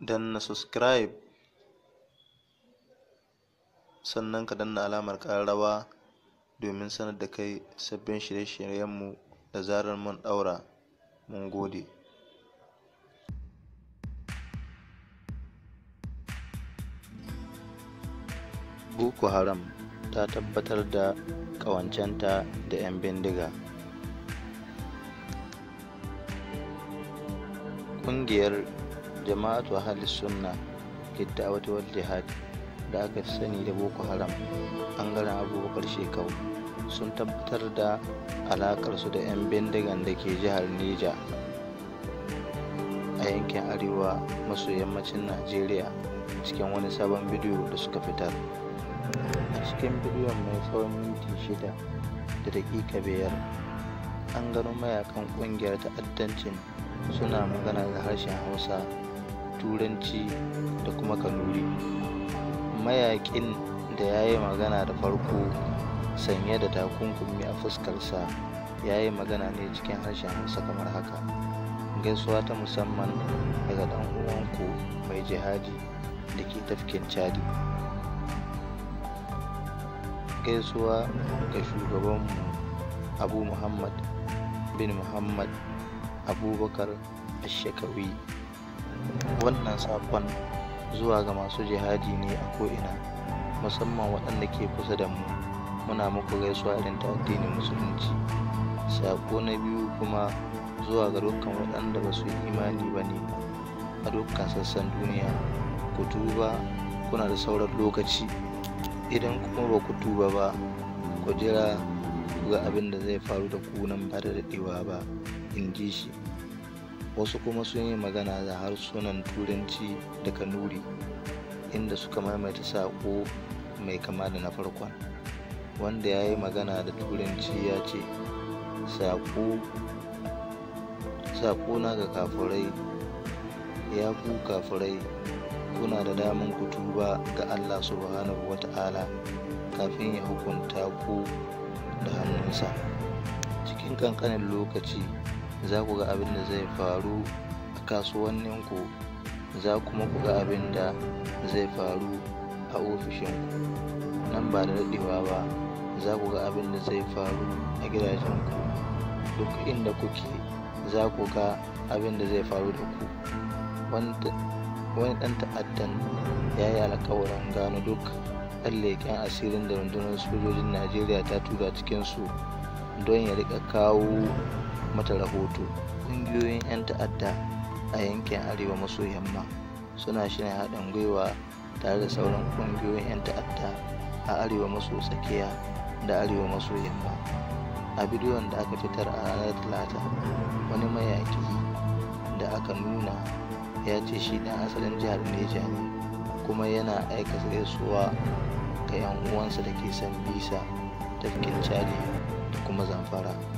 danna subscribe sannan ka danna alamar ƙararrawa domin sanar da kai sabbin shirye-shiryenmu da zarar mun ɗaura mun gode boko haram ta tabbatar da ƙawancenta da 'yan bindiga ƙungiyar jama'atu ahalis sunna littawati wal jihad da aka sani da boko haram bangaren abubakar shekau sun tabbatar da su da 'yan bindigan da ke jihar nija a yankin arewa maso yammacin najeriya cikin wani sabon bidiyo da suka fitar a cikin bidiyon mai tsawon minti shida da dakika biyar an gano mayakan kungiyar ta'addancin suna magana da harshen hausa turanci da kuma kanuri mayakin da ya yi magana da farko sanye da takunkumi a fuskarsa ya yi magana ne cikin harshen hausa kamar haka gaisuwa ta musamman daga ɗan uwanku mai jihadi da ke tafkin chadi gaisuwa ga shugabanmu abu muhammad bin muhammad abubakar ashekawi wannan saƙon zuwa ga masu jihadi ne a ko'ina musamman waɗanda ke kusa da mu muna muku gaisuwa irin ta addinin musulunci sako na biyu kuma zuwa ga dukkan waɗanda ba su imani ba ne a dukkan sassan duniya ku tuba kuna da sauran lokaci idan kuma ba ku tuba ba ku jira ku ga abin da zai faru da ku nan ba da daɗewa ba in ji shi wasu kuma sun yi magana da harsunan turanci da kanuri inda suka maimaita saƙo mai kama da na farkon wanda ya yi magana da turanci ya ce saƙo na ga kafurai ya ku kafurai kuna da daman ku tuba ga allah subhanahu wata'ala kafin ya hukunta ku da hannunsa cikin kankanin lokaci za ku ga abin da zai faru a kasuwanninku za kuma ku ga abin da zai faru a ofishinku nan ba da daɗewa ba za ku ga abin da zai faru a gidajenku duk inda kuke za ku ga abin da zai faru da ku wani ɗan ta'addan ya yi alkawarin gano duk ɗan leƙen asirin da rundunar sojojin najeriya ta tura cikinsu don ya rika kawo mata rahoto ƙungiyoyin 'yan ta'adda a yankin arewa maso yamma suna shirin haɗin gwiwa tare da sauran ƙungiyoyin 'yan ta'adda a arewa maso tsakiya da arewa maso yamma a bidiyon da aka fitar a ranar talata wani mayaki da aka nuna ya ce shi ɗan asalin jihar neja kuma yana aika gaisuwa ga 'yan uwansa da ke san bisa tafkin chadi da kuma zamfara